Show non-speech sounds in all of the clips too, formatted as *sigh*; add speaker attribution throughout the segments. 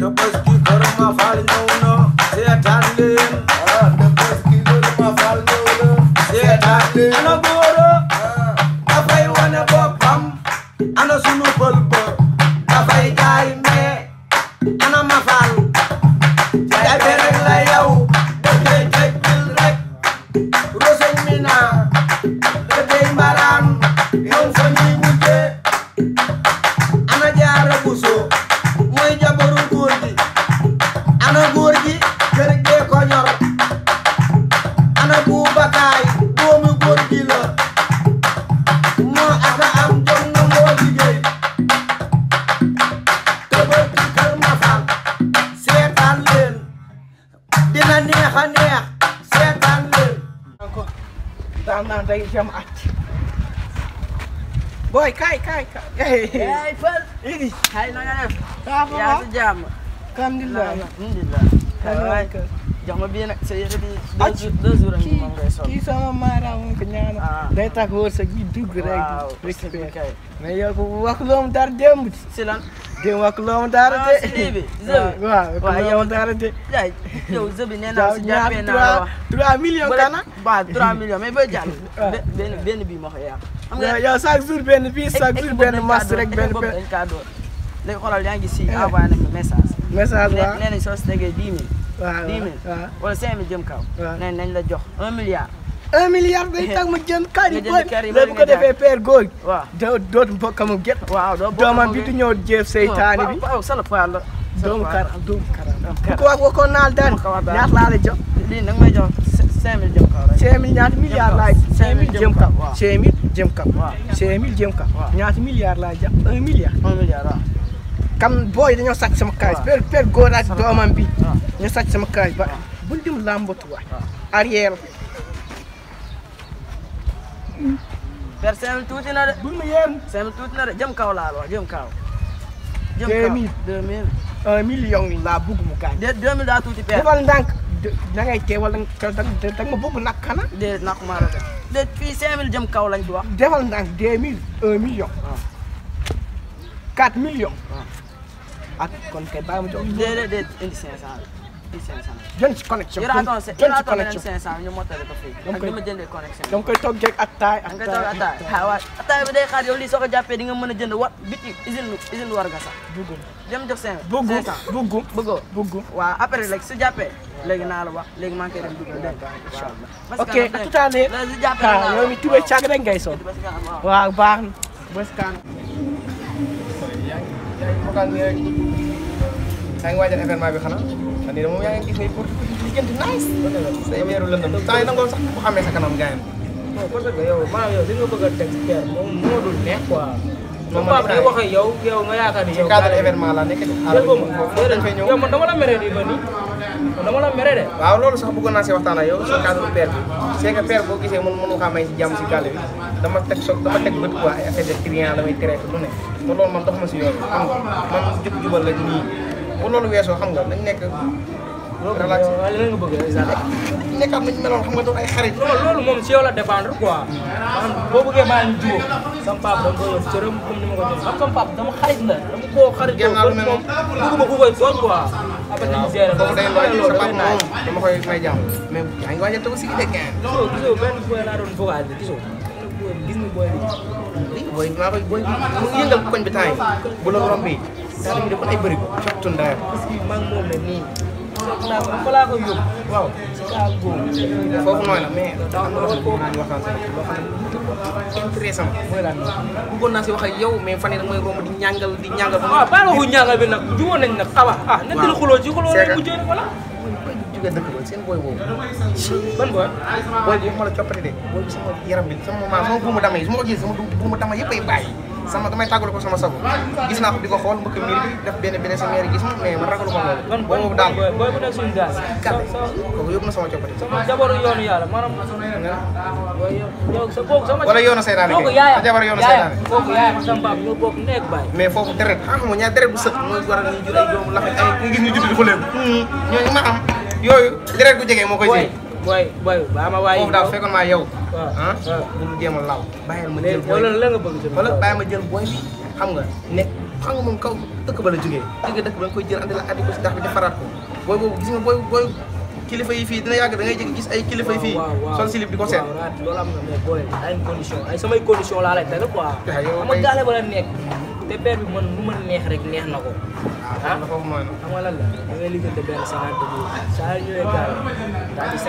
Speaker 1: Dafay wane boppam ana sunu bël ba dafay jaay زي جمعتي باي kai, kai kai, اي kai ايدي هاي لا لا يا kai kai, لله الحمد لله jama bi nag sa yére bi deux jours ak moom ngay sol kii sama maaraam ko ñaan ah. day tax wërsëg yi dugg rek respect mais yow ko wax loom dara démb déem waa ku loo ma daara de. ah si bi zëbi waaw waaw yow daara de. yow zëbi nee naa si jàppee naa la wax. 3 millions kana. waaw 3 millions mais ba jàll. *laughs* benn benn bii moo koy yàq. xam nga yow chaque jour benn bii chaque jour benn mas rek benn benn. dañ kaa door léegi xoolal yaa ngi si eh. envoyé nañu message. message waaw nee nañ soo si tegee 10 000. waaw waaw 10 000 wala 5 000 jëm kaw. waaw nee nañ la jox 1 milliard. un milliard day tax ma jënd kàr yi bëri léegi bu bi du ñëw jéem seytaane bi. waaw waaw doomu naal daal ñaata laa la jox. lii nag may jox cinq mille jëm kaw rek. cinq mille ñaata milliards laay. milliard. un kam booy dañoo sàcc sama kaas. waaw père père góor ak doomam bi. waaw ñoo sàcc sama kaas ba. buñ dem làmbatuwaat. per cinq mille tuuti na de. bu mu yéen. cinq mille tuuti na de kaw laa la kaw. deux mille un million laa bugg mu gaañ. deux mille daa tuuti per. defal ndànk da ngay teewal da nga ma bugg nag mille jëm kaw lañ ci wax. defal ndànk deux mille un million. Ah. quatre millions. ak ah. ah, kon kay bàyyi ma jox. déedéet déet indi cinq jënd ci jangan jënd ci connexion jangan ñu motale ko jangan ak li ma jangan connexion donc koy jangan jeeg ak taay ak taay ak taay jangan waa taay bi jangan xaar yow lii jangan ko jàppee di nga mën a jënd jangan biti usine usine jangan nga sax bëggum jangan jox 500 bëggum jangan bëggoo bëggum waaw après léegi su jàppee jangan naa la wax jangan maa ngi koy dem dugg ok tout à l'heure ah yow mi tubé caag rek ngay sol waaw baax na
Speaker 2: bës kaan yaa ngi waajal événement bi xanaa Hani mo yang gis nay pour nice say weeru lëndëm saa yi nangoo sax bu xamee sa kanam gaañ non parce que yow maa yow li nga bëgg a teg père moom moo dul mere di ba nii dama mere de waaw loolu sax bëggoon naa si waxtaan ak yow si cadre père bi c'est que père boo gisee mën mënu xaa may jam si kali. bi dama teg so dama teg bët quoi ay de client la may traité lu ne te loolu si jubal bu loolu weesoo xam nga nañ nekk. relax waaw leneen nga bëgg exact nekkaat nañ meloon xam nga doon ay xarit. loolu moom si yow la dépendre boo bëggee maa ngi jubóo. sama papa dama koy yor cëram comme ni ma ko jox xam sama papa xarit la dama koo xarit. gànnaaru mel noonu bëgguma ku koy doon quoi. après koy may jàmm. mais yaa ngi waajal taw si de gain. gisoo gisoo benn booy laa doon vocal bi gisoo.
Speaker 1: gis nga booy bi.
Speaker 2: booy bi maa koy booy bi mu yëngal koñ bi temps yi bu la romb yi daal di defal ay bëri cottu ndayam parce que maa ngi moom la nii. waaw fa laa koy yóbbu waaw.
Speaker 1: foofu nooy la mais daa am loo
Speaker 2: xam ne waxtaan sax loo xam ne intéressant mooy daal bëggoon naa si wax ak yow mais fan yii mooy romb di ñàngal di ñàngal. waaw ah, baal ma ko ñàngal bi nag juwoon nañ nag xawa ah, ah na dina xuloo ci xuloo lay mujjee wala. jóge dëkk ba seen booy boobu ban booy booy bi ma la coppati de booy bi sama yaram bi sama maam sama buumu dama yi su ma ko jëlee sama buumu dama yëpp ay bàyyi sama damay tàggalu ko sama sago gis naa ko di ko xool mbëkk miir bi def benn benn sa mère gis ma mais man ragalu ko loolu. man boobu daal booy bu nekk suñu gaal. kàdde kooku yóbbu na sama coppite. sama sa jabaru yoonu seytaane. kooku yaayam ak mais foofu deret ah xam nga ñaar deret bu sëkk mooy waral ñu jur ay doomu lafa ay ñu gis ñu judd ko léegi. Hmm, ñooñu ma am yooyu deret bu jege moo koy. booy yow ah buñu jéem law bàyyil ma jël wala la nga bëgg wala ma jël bi xam nga nekk xam nga moom kaw dëkk ba la jógee jógee dëkk ba nga koy jël andi la andi ko si dax bi defaraat ko booy boobu gis nga booy booy kilifa yi dina da ngay jëg gis ay kilifa yi sol di ko am na mais ay condition ay samay condition lay quoi père bi neex rek neex xam nga lan la da ngay ci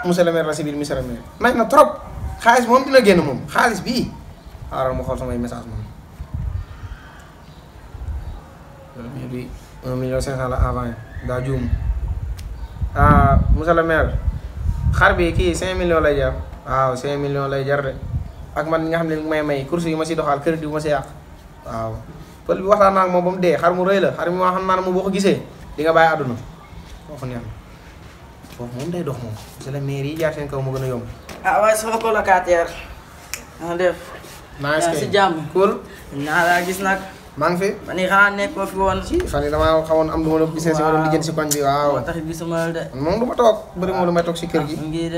Speaker 2: ah monsieur le la si biir may na trop khalis mom dina genn mom khalis bi xaaral mo xol sama message mom mais bi un million cinq cent la avant da juum ah monsieur xar bi ki 5 millions lay jar waaw 5 millions lay jar de ak man nga xam ne may may course yi ma ci doxal crédit bu ma ci yàq waaw pël bi waxtaan ak mom bam mu xar mu rëy la xar mi ma xam naa ne mu gisee di nga bay aduna waxu ñaan foofu moom day dox moom parce que maire yi jaar seen kaw moo gën a yomb. ah
Speaker 1: waaye sama colocataire. na def. maa ngi si jàmm cool. naa gis
Speaker 2: nag. maa ngi fi. man it xanaa nekkoo fi woon. si fan yii xawoon am lu ma la gisee si wala lijjanti si koñ bi moo tax ma toog bëri moom lu may toog si kër gi.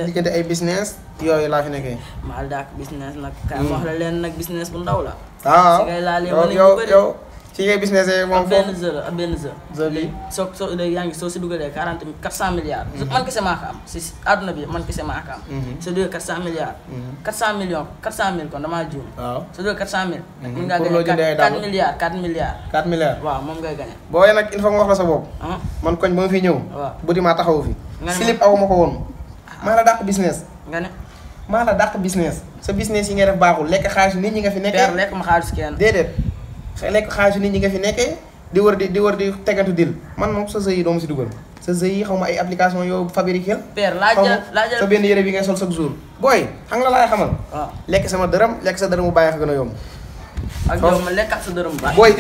Speaker 2: lijjanti ay business. yooyu laa fi nekkee. maa daak business nag. kaay ma hmm. wax la leen nag business bu ndaw la. waaw ah, yow
Speaker 1: yow ci ngay business moom foofu benn heure ak benn heure bi soo soo léegi yaa ngi soo si dugalee quarante quatre cent milliards mhm. man kese maa ko am si àdduna bi man kese maa ko am mhm. soo dugalee quatre cent milliards mhm. quatre cent millions quatre cent mille kon damaa juum waaw soo dugalee quatre cent mille mun ngaa gagné quatre milliards quatre milliards
Speaker 2: quatre milliards waaw moom ngay gagné booy nag il faut nga wax la sa bopp ah. man koñ ba ma fi ñëw waaw buti maa taxawu fi slip aw ma ko woon ah. maa la dàq business nga ne maa la dàq business sa business yi ngay def baaxul lekk xaalis nit ñi nga fi nekkee lekk ma xaalis kenn déedéet sa lekk xaalisu nit ñi nga fi nekkee di wër di di wër di tegatu dil man moom sa sëy yi doomu si dugal sa sëy yi xaw ma ay application yoo fabriqué père laajal benn yére bi ngay sol chaque jour booy xam nga laay xamal lekk sama dërëm lekk sa dërëm bu bàyyi xa gën a yomb ak yow ma lekk
Speaker 1: ak sa dërëm bàyyi booy